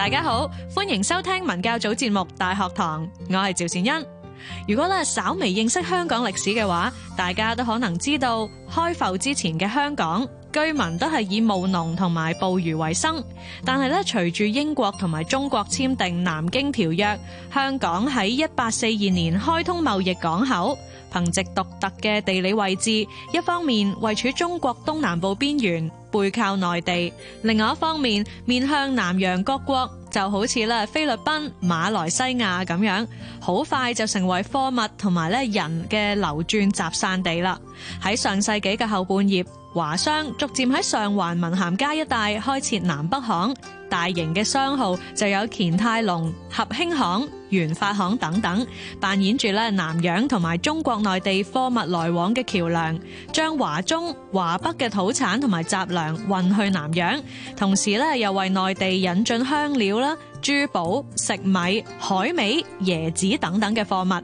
大家好，歡迎收聽文教組節目《大學堂》，我係趙善恩。如果咧稍微認識香港歷史嘅話，大家都可能知道開埠之前嘅香港。居民都係以務農同埋捕魚為生，但係咧，隨住英國同埋中國簽訂《南京條約》，香港喺一八四二年開通貿易港口，憑藉獨特嘅地理位置，一方面位處中國東南部邊緣，背靠內地；另外一方面面向南洋各國，就好似咧菲律賓、馬來西亞咁樣，好快就成為貨物同埋咧人嘅流轉集散地啦。喺上世紀嘅後半葉，華商逐漸喺上環文咸街一帶開設南北行，大型嘅商號就有乾泰隆、合興行、元發行等等，扮演住咧南洋同埋中國內地貨物來往嘅橋梁，將華中、華北嘅土產同埋雜糧運去南洋，同時咧又為內地引進香料啦。珠寶、食米、海味、椰子等等嘅貨物，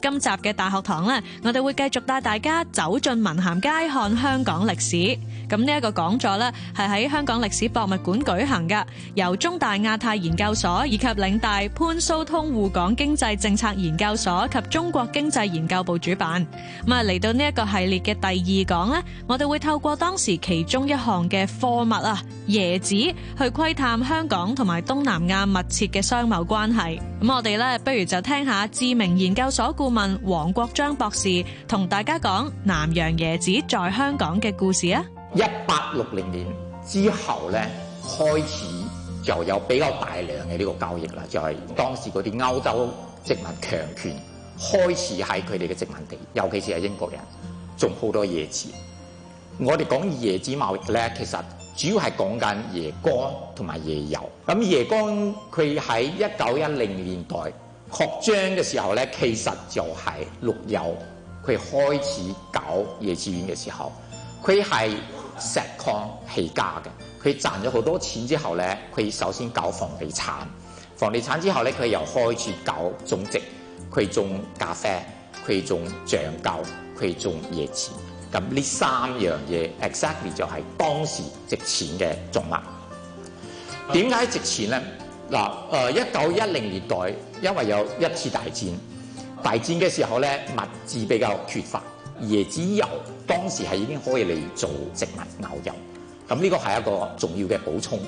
今集嘅大學堂呢，我哋會繼續帶大家走進文咸街，看香港歷史。咁呢一個講座咧，係喺香港歷史博物館舉行㗎，由中大亞太研究所以及嶺大潘蘇通滬港經濟政策研究所及中國經濟研究部主辦。咁啊，嚟到呢一個系列嘅第二講呢，我哋會透過當時其中一項嘅貨物啊椰子，去窺探香港同埋東南亞密切嘅商貿關係。咁我哋咧，不如就聽下知名研究所顧問黃國章博士同大家講南洋椰子在香港嘅故事啊。一八六零年之後咧，開始就有比較大量嘅呢個交易啦，就係、是、當時嗰啲歐洲殖民強權開始喺佢哋嘅殖民地，尤其是係英國人，種好多椰子。我哋講椰子貿易咧，其實主要係講緊椰乾同埋椰油。咁椰乾佢喺一九一零年代擴張嘅時候咧，其實就係綠油佢開始搞椰子園嘅時候，佢係石礦起家嘅，佢賺咗好多錢之後咧，佢首先搞房地產，房地產之後咧，佢又開始搞種植，佢種咖啡，佢種橡膠，佢種椰子。咁呢三樣嘢 exactly 就係當時值錢嘅作物。點解值錢咧？嗱、呃，誒一九一零年代，因為有一次大戰，大戰嘅時候咧，物資比較缺乏。椰子油當時係已經可以嚟做植物牛油，咁呢個係一個重要嘅補充，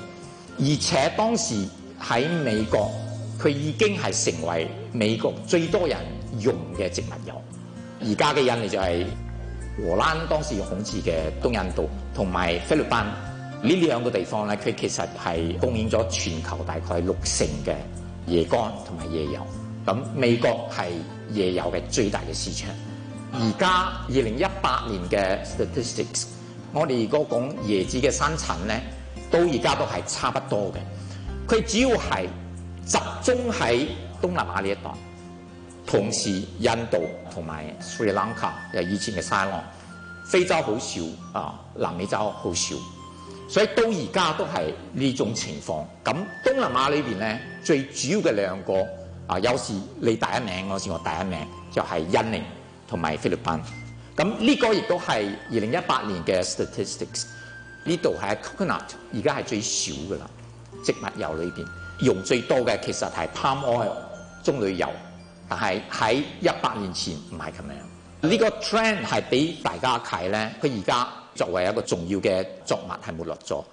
而且當時喺美國，佢已經係成為美國最多人用嘅植物油。而家嘅印尼就係荷蘭當時用控制嘅東印度同埋菲律賓呢兩個地方咧，佢其實係貢獻咗全球大概六成嘅椰乾同埋椰油。咁美國係椰油嘅最大嘅市場。而家二零一八年嘅 statistics，我哋如果講椰子嘅生產咧，到而家都係差不多嘅。佢主要係集中喺東南亞呢一帶，同時印度同埋斯里蘭卡又以前嘅錫蘭，非洲好少啊，南美洲好少，所以到而家都係呢種情況。咁東南亞裏邊咧，最主要嘅兩個啊，有時你第一名，我先我第一名，就係印尼。同埋菲律賓，咁呢個亦都係二零一八年嘅 statistics。呢度係 coconut，而家係最少噶啦，植物油裏邊用最多嘅其實係 palm oil 棕櫚油，但係喺一百年前唔係咁樣。呢個 trend 係俾大家睇咧，佢而家作為一個重要嘅作物係沒落咗。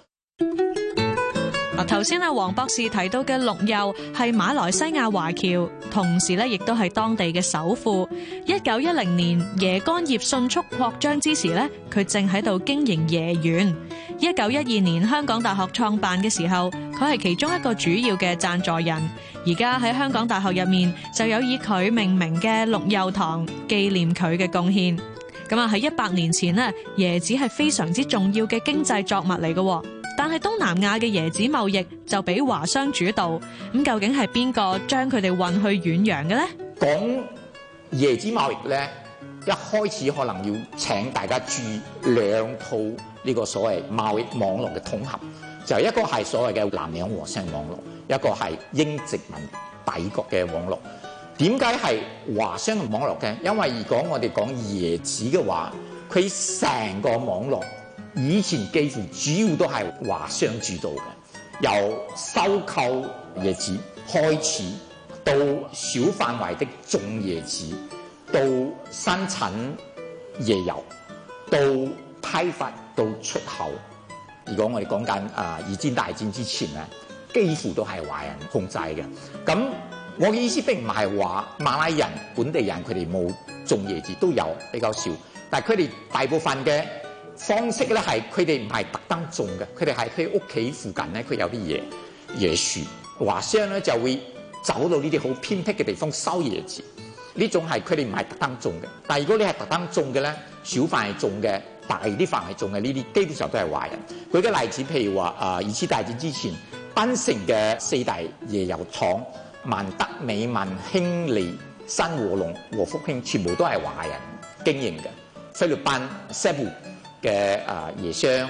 頭先阿黃博士提到嘅陸佑係馬來西亞華僑，同時咧亦都係當地嘅首富。一九一零年椰乾業迅速擴張之時咧，佢正喺度經營椰園。一九一二年香港大學創辦嘅時候，佢係其中一個主要嘅贊助人。而家喺香港大學入面就有以佢命名嘅陸佑堂紀念佢嘅貢獻。咁啊，喺一百年前呢，椰子係非常之重要嘅經濟作物嚟嘅。但係東南亞嘅椰子貿易就俾華商主導，咁究竟係邊個將佢哋運去遠洋嘅咧？講椰子貿易咧，一開始可能要請大家注意兩套呢個所謂貿易網絡嘅統合，就係、一個係所謂嘅南洋和商網絡，一個係英殖民帝國嘅網絡。點解係華商嘅網絡嘅？因為如果我哋講椰子嘅話，佢成個網絡。以前幾乎主要都係華商主導嘅，由收購椰子開始，到小範圍的種椰子，到生產椰油，到批發到出口。如果我哋講緊啊二戰大戰之前咧，幾乎都係華人控制嘅。咁我嘅意思並唔係話馬拉人本地人，佢哋冇種椰子都有比較少，但係佢哋大部分嘅。方式咧係佢哋唔係特登種嘅，佢哋係喺屋企附近咧，佢有啲嘢椰樹，華商咧就會走到呢啲好偏僻嘅地方收椰子。呢種係佢哋唔係特登種嘅。但如果你係特登種嘅咧，小塊係種嘅，大啲塊係種嘅呢啲，基本上都係華人。舉個例子譬如話，誒二次大戰之前，檳城嘅四大椰油廠，萬德美、萬興利、新和隆和福興，全部都係華人經營嘅菲律賓 s a 嘅椰商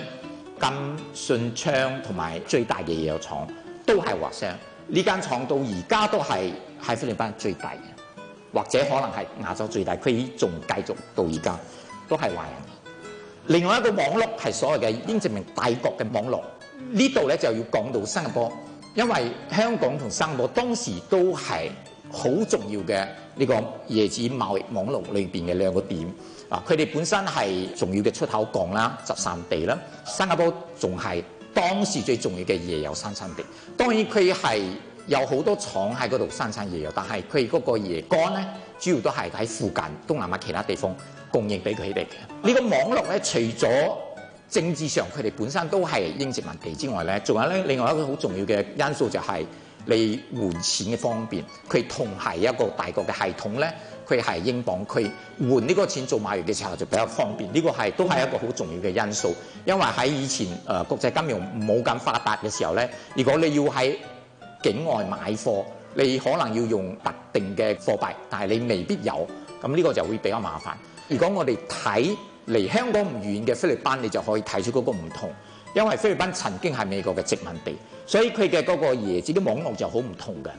金信昌同埋最大嘅椰油廠都係華商，呢間廠到而家都係喺菲律賓最大嘅，或者可能係亞洲最大區，佢仲繼續到而家都係華人。另外一個網絡係所謂嘅英殖民大國嘅網絡。這裏呢度咧就要講到新加坡，因為香港同新加坡當時都係。好重要嘅呢個椰子貿易網絡裏邊嘅兩個點啊，佢哋本身係重要嘅出口港啦、集散地啦。新加坡仲係當時最重要嘅椰油生產地，當然佢係有好多廠喺嗰度生產椰油，但係佢嗰個椰乾咧，主要都係喺附近東南亞其他地方供應俾佢哋嘅。呢個網絡咧，除咗政治上佢哋本身都係英殖民地之外咧，仲有咧另外一個好重要嘅因素就係。你換錢嘅方便，佢同係一個大國嘅系統呢，佢係英鎊區，佢換呢個錢做買入嘅時候就比較方便，呢、這個係都係一個好重要嘅因素。因為喺以前誒、呃、國際金融冇咁發達嘅時候呢，如果你要喺境外買貨，你可能要用特定嘅貨幣，但係你未必有，咁呢個就會比較麻煩。如果我哋睇離香港唔遠嘅菲律賓，你就可以睇出嗰個唔同。因為菲律賓曾經係美國嘅殖民地，所以佢嘅嗰個椰子嘅網絡就好唔同嘅。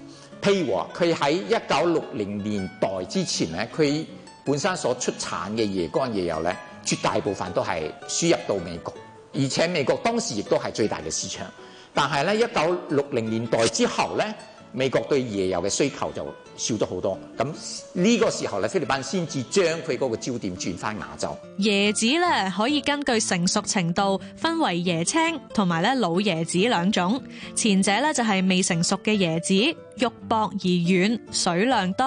譬如話，佢喺一九六零年代之前咧，佢本身所出產嘅椰乾椰油咧，絕大部分都係輸入到美國，而且美國當時亦都係最大嘅市場。但係咧，一九六零年代之後咧。美國對椰油嘅需求就少咗好多，咁呢個時候咧，菲律賓先至將佢嗰個焦點轉翻亞洲。椰子咧，可以根據成熟程度分為椰青同埋咧老椰子兩種，前者咧就係未成熟嘅椰子，肉薄而軟，水量多。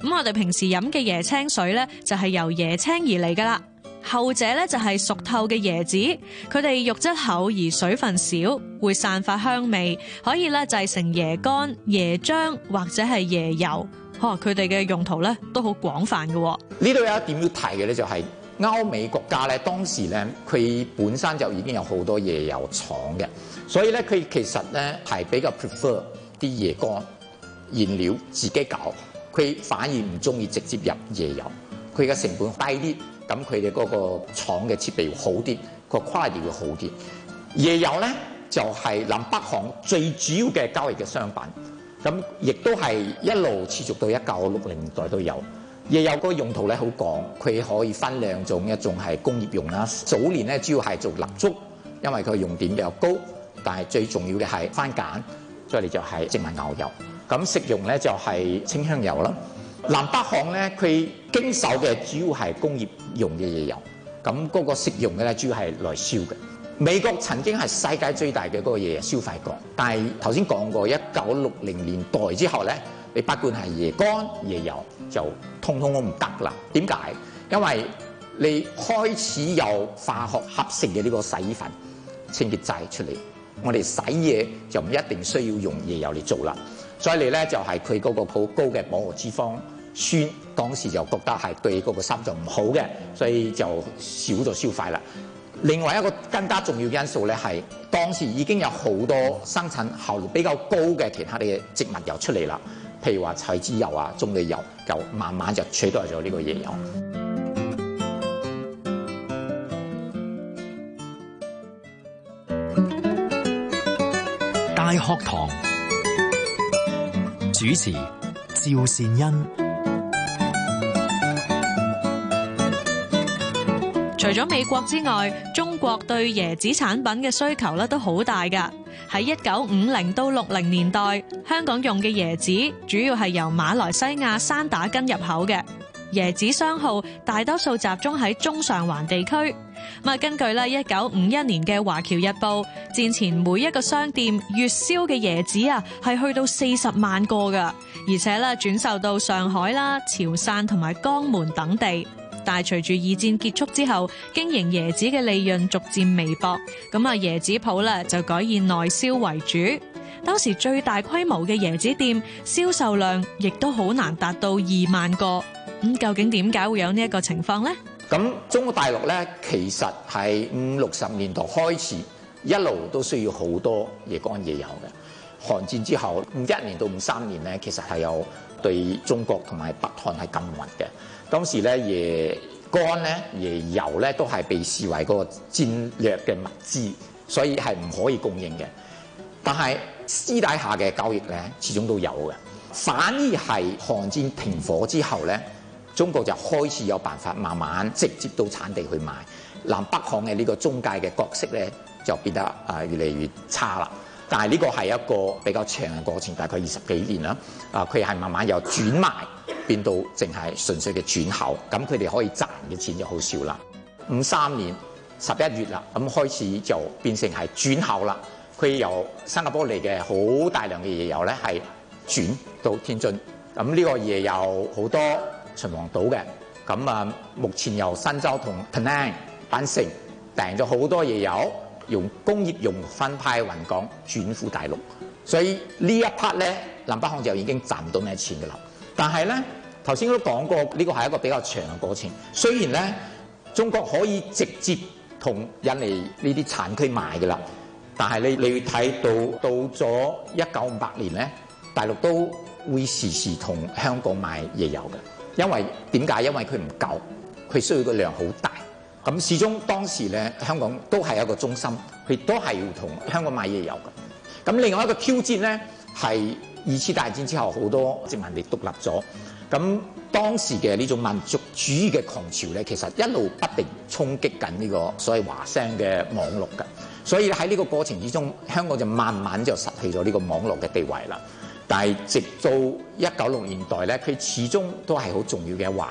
咁我哋平時飲嘅椰青水咧就係由椰青而嚟㗎喇。後者咧就係熟透嘅椰子，佢哋肉質厚而水分少，會散發香味，可以咧製成椰乾、椰漿或者係椰油。呵、哦，佢哋嘅用途咧都好廣泛嘅。呢度有一點要提嘅咧、就是，就係歐美國家咧當時咧佢本身就已經有好多椰油廠嘅，所以咧佢其實咧係比較 prefer 啲椰乾原料自己搞，佢反而唔中意直接入椰油，佢嘅成本低啲。咁佢哋嗰個廠嘅設備好啲，個 quality 會好啲。椰油咧就係南北行最主要嘅交易嘅商品，咁亦都係一路持續到一九六零年代都有。椰油個用途咧好廣，佢可以分兩種，一種係工業用啦。早年咧主要係做蠟燭，因為佢用點又高，但係最重要嘅係番梘，再嚟就係植物牛油。咁食用咧就係清香油啦。南北行咧，佢經手嘅主要係工業用嘅椰油，咁嗰個食用嘅咧，主要係來燒嘅。美國曾經係世界最大嘅嗰個椰油消費國，但係頭先講過，一九六零年代之後咧，你不管係椰乾椰油，就通通都唔得啦。點解？因為你開始有化學合成嘅呢個洗衣粉、清潔劑出嚟，我哋洗嘢就唔一定需要用椰油嚟做啦。再嚟咧，就係佢嗰個好高嘅飽和脂肪。酸當時就覺得係對嗰個心就唔好嘅，所以就少咗消費啦。另外一個更加重要嘅因素咧，係當時已經有好多生產效率比較高嘅其他啲植物油出嚟啦，譬如話菜籽油啊、棕櫚油，就慢慢就取代咗呢個椰油。大學堂主持趙善恩。除咗美國之外，中國對椰子產品嘅需求咧都好大噶。喺一九五零到六零年代，香港用嘅椰子主要係由馬來西亞山打根入口嘅椰子商號，大多數集中喺中上環地區。咁啊，根據咧一九五一年嘅《華僑日報》，戰前每一個商店月銷嘅椰子啊，係去到四十萬個噶，而且啦轉售到上海啦、潮汕同埋江門等地。但係隨住二戰結束之後，經營椰子嘅利潤逐漸微薄，咁啊椰子鋪咧就改以內銷為主。當時最大規模嘅椰子店銷售量亦都好難達到二萬個。咁究竟點解會有呢一個情況呢？咁中國大陸咧其實係五六十年代開始一路都需要好多椰乾椰油嘅。韓戰之後五一年到五三年咧，其實係有對中國同埋北韓係禁運嘅。當時咧，椰乾咧、椰油咧，都係被視為個戰略嘅物資，所以係唔可以供應嘅。但係私底下嘅交易咧，始終都有嘅。反而係韓戰停火之後咧，中國就開始有辦法慢慢直接到產地去買。南北行嘅呢個中介嘅角色咧，就變得啊越嚟越差啦。但係呢個係一個比較長嘅過程，大概二十幾年啦。啊，佢係慢慢又轉賣。變到淨係純粹嘅轉口，咁佢哋可以賺嘅錢就好少啦。五三年十一月啦，咁開始就變成係轉口啦。佢由新加坡嚟嘅好大量嘅椰油咧，係轉到天津。咁呢個椰油好多秦皇島嘅。咁啊，目前由新洲同 Penang、檳城訂咗好多椰油，用工業用分派運港轉赴大陸。所以一呢一 part 咧，南北行就已經賺唔到咩錢㗎啦。但係呢，頭先都講過，呢個係一個比較長嘅過程。雖然呢，中國可以直接同印尼呢啲產區買嘅啦，但係你你會睇到到咗一九五八年呢，大陸都會時時同香港買椰油嘅。因為點解？因為佢唔夠，佢需要個量好大。咁始終當時呢，香港都係一個中心，佢都係要同香港買椰油嘅。咁另外一個挑戰呢，係。二次大戰之後，好多殖民地獨立咗，咁當時嘅呢種民族主義嘅狂潮呢，其實一路不停衝擊緊呢個所謂華商嘅網絡㗎，所以喺呢個過程之中，香港就慢慢就失去咗呢個網絡嘅地位啦。但係直到一九六年代呢，佢始終都係好重要嘅一環。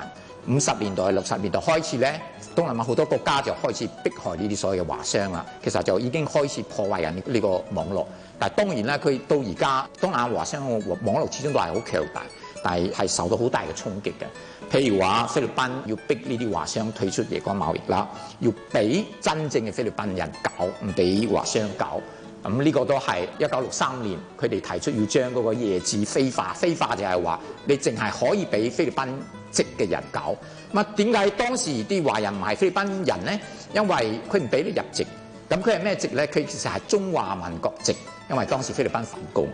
五十年代、六十年代開始呢，東南亞好多國家就開始迫害呢啲所謂嘅華商啦，其實就已經開始破壞緊呢個網絡。但係當然啦，佢到而家，東亞華商網絡始終都係好強大，但係係受到好大嘅衝擊嘅。譬如話菲律賓要逼呢啲華商退出椰乾貿易啦，要俾真正嘅菲律賓人搞，唔俾華商搞。咁、嗯、呢、這個都係一九六三年佢哋提出要將嗰個椰子菲化，菲化就係話你淨係可以俾菲律賓籍嘅人搞。咁啊點解當時啲華人唔係菲律賓人呢？因為佢唔俾你入籍。咁佢係咩籍咧？佢其實係中華民國籍，因為當時菲律賓反共。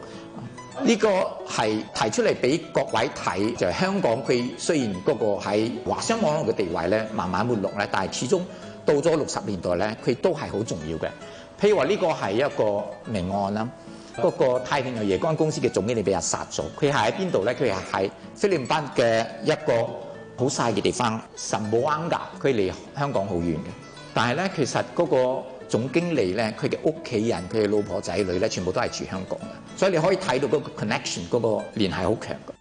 呢個係提出嚟俾各位睇，就係香港佢雖然嗰個喺華商網絡嘅地位咧慢慢沒落咧，但係始終到咗六十年代咧，佢都係好重要嘅。譬如話呢個係一個命案啦，嗰個太平洋夜光公司嘅總經理俾人殺咗。佢係喺邊度咧？佢係喺菲律賓嘅一個好細嘅地方神堡灣格，佢離香港好遠嘅。但係咧，其實嗰個總經理咧，佢嘅屋企人、佢嘅老婆仔女咧，全部都係住香港嘅，所以你可以睇到嗰個 connection 嗰個聯繫好強嘅。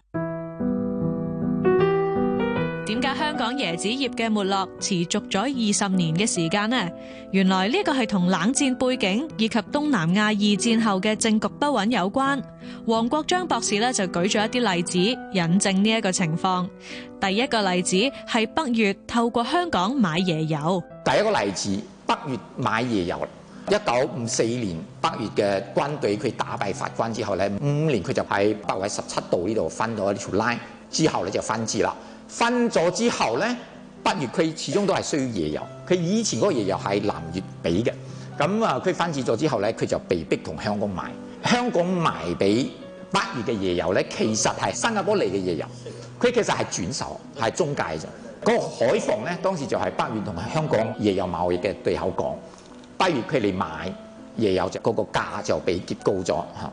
點解香港椰子業嘅沒落持續咗二十年嘅時間呢？原來呢個係同冷戰背景以及東南亞二戰後嘅政局不穩有關。黃國章博士呢，就舉咗一啲例子引證呢一個情況。第一個例子係北越透過香港買椰油。第一個例子。北越買椰油，一九五四年北越嘅軍隊佢打敗法軍之後咧，五年佢就喺北緯十七度呢度分咗一條 line，之後咧就分治啦。分咗之後咧，北越佢始終都係需要椰油。佢以前嗰個椰油係南越俾嘅，咁啊佢分治咗之後咧，佢就被逼同香港買。香港賣俾北越嘅椰油咧，其實係新加坡嚟嘅椰油，佢其實係轉手，係中介啫。海防咧，當時就係北越同埋香港也有貿易嘅對口港，不如佢哋買，亦有着嗰個價就被跌高咗嚇。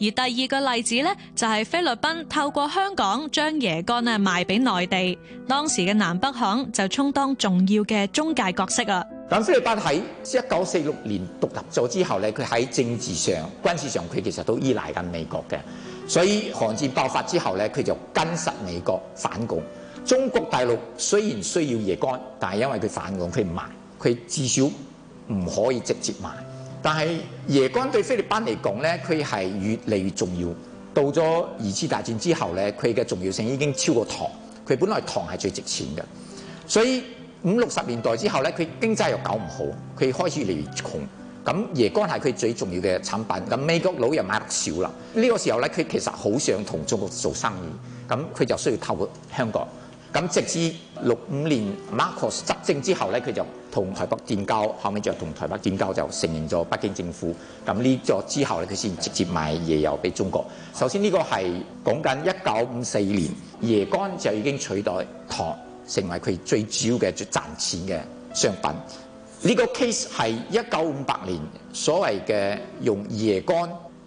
而第二個例子咧，就係、是、菲律賓透過香港將椰乾咧賣俾內地，當時嘅南北行就充當重要嘅中介角色啦。咁菲律賓喺一九四六年獨立咗之後咧，佢喺政治上、軍事上，佢其實都依賴緊美國嘅，所以韓戰爆發之後咧，佢就跟實美國反共。中國大陸雖然需要椰乾，但係因為佢反共，佢唔賣，佢至少唔可以直接賣。但係椰乾對菲律賓嚟講呢，佢係越嚟越重要。到咗二次大戰之後呢，佢嘅重要性已經超過糖。佢本來糖係最值錢嘅，所以五六十年代之後呢，佢經濟又搞唔好，佢開始越嚟越窮。咁椰乾係佢最重要嘅產品。咁美國佬又買得少啦。呢個時候呢，佢其實好想同中國做生意，咁佢就需要透過香港。咁直至六五年，Marcos 執政之後咧，佢就同台北建交，後屘就同台北建交，就承認咗北京政府。咁呢咗之後咧，佢先直接賣椰油俾中國。首先呢個係講緊一九五四年，椰乾就已經取代糖，成為佢最主要嘅最賺錢嘅商品。呢、這個 case 係一九五八年，所謂嘅用椰乾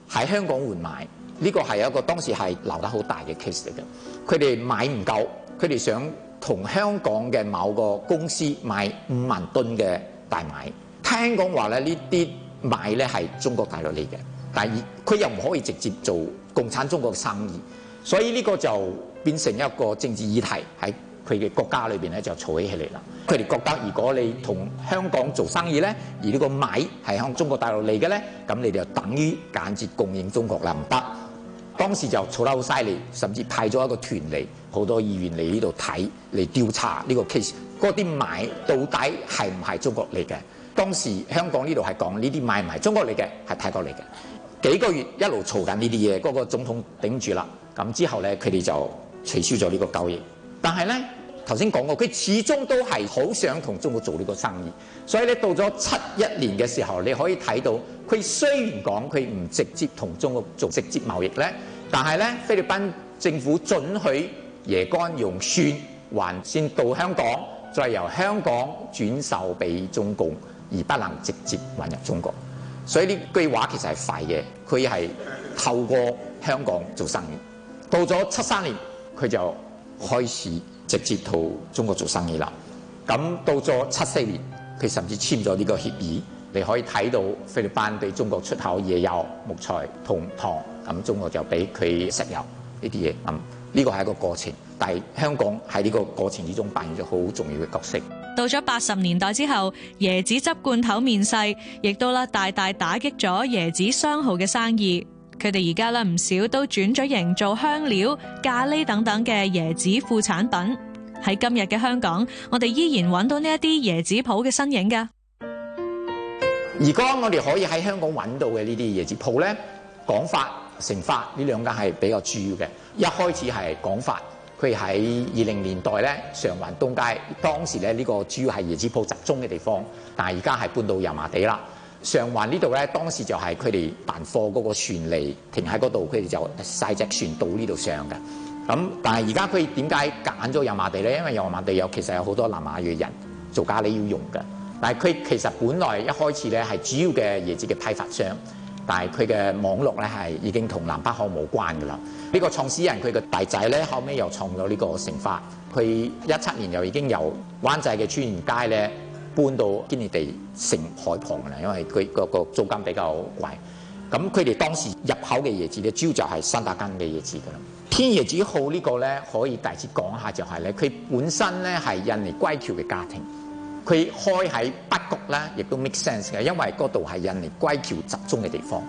喺香港換買，呢、這個係一個當時係流得好大嘅 case 嚟嘅。佢哋買唔夠。佢哋想同香港嘅某個公司買五萬噸嘅大米，聽講話咧，呢啲米呢係中國大陸嚟嘅，但係佢又唔可以直接做共產中國嘅生意，所以呢個就變成一個政治議題喺佢嘅國家裏邊咧，就嘈起起嚟啦。佢哋覺得如果你同香港做生意咧，而呢個米係向中國大陸嚟嘅咧，咁你就等於間接供應中國啦，唔得。當時就嘈得好犀利，甚至派咗一個團嚟。好多議員嚟呢度睇嚟調查呢個 case，嗰啲買到底係唔係中國嚟嘅？當時香港呢度係講呢啲買唔係中國嚟嘅，係泰國嚟嘅。幾個月一路嘈緊呢啲嘢，嗰個總統頂住啦。咁之後呢，佢哋就取消咗呢個交易。但係呢，頭先講過，佢始終都係好想同中國做呢個生意，所以咧，到咗七一年嘅時候，你可以睇到佢雖然講佢唔直接同中國做直接貿易呢，但係呢，菲律賓政府准許。椰乾用船運先到香港，再由香港轉售俾中共，而不能直接運入中國。所以呢句話其實係廢嘅，佢係透過香港做生意。到咗七三年，佢就開始直接同中國做生意啦。咁到咗七四年，佢甚至簽咗呢個協議，你可以睇到菲律賓對中國出口椰油、木材同糖，咁中國就俾佢石油呢啲嘢。呢個係一個過程，但係香港喺呢個過程之中扮演咗好重要嘅角色。到咗八十年代之後，椰子汁罐頭面世，亦都咧大大打擊咗椰子商號嘅生意。佢哋而家咧唔少都轉咗型做香料、咖喱等等嘅椰子副產品。喺今日嘅香港，我哋依然揾到呢一啲椰子舖嘅身影㗎。如果我哋可以喺香港揾到嘅呢啲椰子舖咧，講法。成發呢兩間係比較主要嘅，一開始係廣發，佢喺二零年代咧上環東街，當時咧呢，這個主要係椰子鋪集中嘅地方，但係而家係搬到油麻地啦。上環呢度咧當時就係佢哋辦貨嗰個船嚟停喺嗰度，佢哋就晒隻船到呢度上嘅。咁、嗯、但係而家佢點解揀咗油麻地咧？因為油麻地有其實有好多南亞裔人做咖喱要用嘅，但係佢其實本來一開始咧係主要嘅椰子嘅批發商。但係佢嘅網絡咧係已經同南北行無關噶啦。呢個創始人佢嘅大仔咧，後尾又創咗呢個盛發。佢一七年又已經由灣仔嘅春園街咧搬到堅尼地城海旁啦，因為佢個個租金比較貴。咁佢哋當時入口嘅椰子咧，主要就係三百斤嘅椰子噶啦。天椰子號呢個咧，可以大致講一下就係咧，佢本身咧係印尼歸僑嘅家庭。佢開喺北角咧，亦都 make sense 嘅，因為嗰度係印尼歸僑集中嘅地方，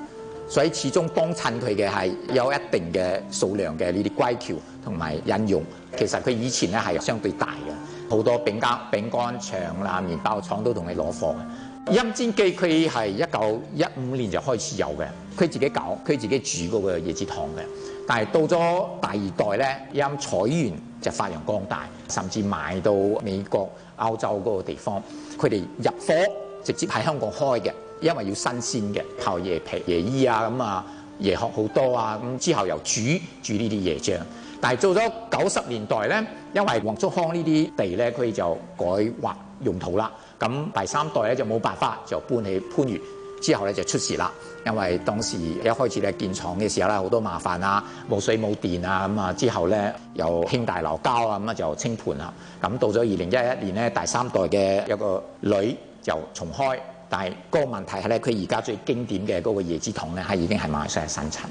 所以始終幫襯佢嘅係有一定嘅數量嘅呢啲歸僑同埋印傭。其實佢以前咧係相對大嘅，好多餅家餅乾廠啦、麵包廠都同佢攞貨嘅。甄沾記佢係一九一五年就開始有嘅，佢自己搞，佢自己煮嗰個椰子糖嘅。但係到咗第二代呢，因采完就發揚光大，甚至賣到美國、歐洲嗰個地方。佢哋入貨直接喺香港開嘅，因為要新鮮嘅泡椰皮、椰衣啊咁啊，椰殼好多啊咁，之後又煮煮呢啲椰醬。但係到咗九十年代呢，因為黃竹坑呢啲地呢，佢就改劃用途啦。咁第三代呢，就冇辦法，就搬起番禺。之後咧就出事啦，因為當時一開始咧建廠嘅時候啦，好多麻煩啊，冇水冇電啊，咁啊之後咧又興大樓膠啊，咁啊就清盤啦。咁到咗二零一一年咧，第三代嘅一個女就重開，但係個問題係咧，佢而家最經典嘅嗰個椰子桶咧，係已經係馬上生產。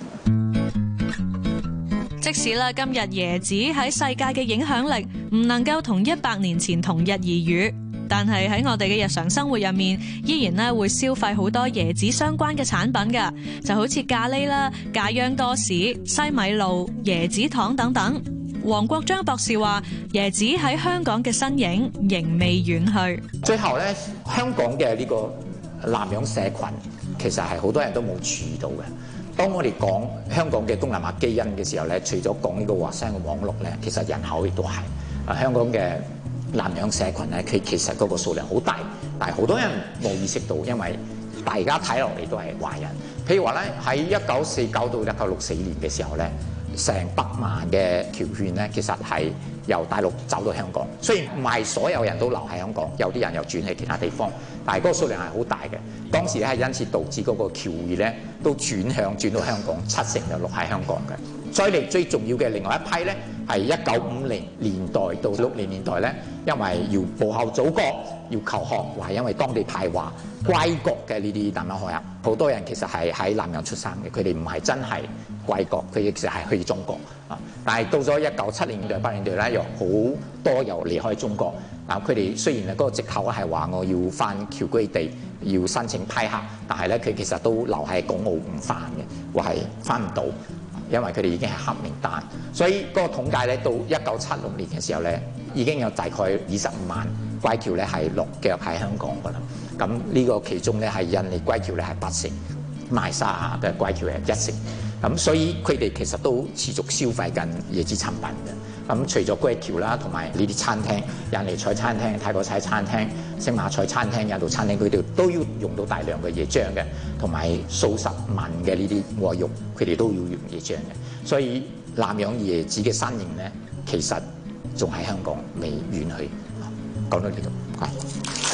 即使啦，今日椰子喺世界嘅影響力唔能夠同一百年前同日而語。但係喺我哋嘅日常生活入面，依然咧會消費好多椰子相關嘅產品嘅，就好似咖喱啦、咖央多士、西米露、椰子糖等等。黃國章博士話：椰子喺香港嘅身影仍未遠去。最後咧，香港嘅呢個南洋社群其實係好多人都冇注意到嘅。當我哋講香港嘅東南亞基因嘅時候咧，除咗講呢個華商嘅網絡咧，其實人口亦都係啊，香港嘅。南洋社群咧，佢其實嗰個數量好大，但係好多人冇意識到，因為大家睇落嚟都係華人。譬如話咧，喺一九四九到一九六四年嘅時候咧，成百萬嘅僑眷咧，其實係由大陸走到香港。雖然唔係所有人都留喺香港，有啲人又轉去其他地方，但係嗰個數量係好大嘅。當時咧係因此導致嗰個僑匯咧都轉向轉到香港，七成就落喺香港嘅。所以最重要嘅另外一批呢，係一九五零年代到六零年代呢，因為要報效祖國、要求學，或因為當地派話歸國嘅呢啲南洋學生，好多人其實係喺南洋出生嘅，佢哋唔係真係歸國，佢亦時係去中國啊。但係到咗一九七零年代、八零年代呢，又好多又離開中國嗱。佢哋雖然啊嗰個藉口係話我要翻僑居地，要申請批核，但係呢，佢其實都留喺港澳唔翻嘅，或係翻唔到。因為佢哋已經係黑名單，所以嗰個統計咧，到一九七六年嘅時候咧，已經有大概二十五萬歸僑咧係落腳喺香港㗎喇。咁呢個其中咧係印尼歸僑咧係八成，埋沙嘅歸僑係一成。咁、嗯、所以佢哋其實都持續消費緊椰子產品嘅。咁、嗯、除咗街橋啦，同埋呢啲餐廳，印尼菜餐廳，泰國菜餐廳，星馬菜餐廳，印度餐廳佢哋都要用到大量嘅椰漿嘅，同埋數十萬嘅呢啲外肉，佢哋都要用椰漿嘅。所以南洋椰子嘅身形咧，其實仲喺香港未遠去。講到呢度，唔該。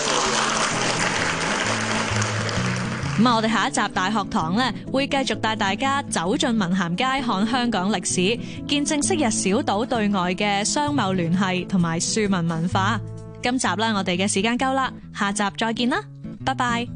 咁我哋下一集《大學堂》咧，會繼續帶大家走進文咸街，看香港歷史，見證昔日小島對外嘅商貿聯繫同埋庶民文化。今集咧，我哋嘅時間夠啦，下集再見啦，拜拜。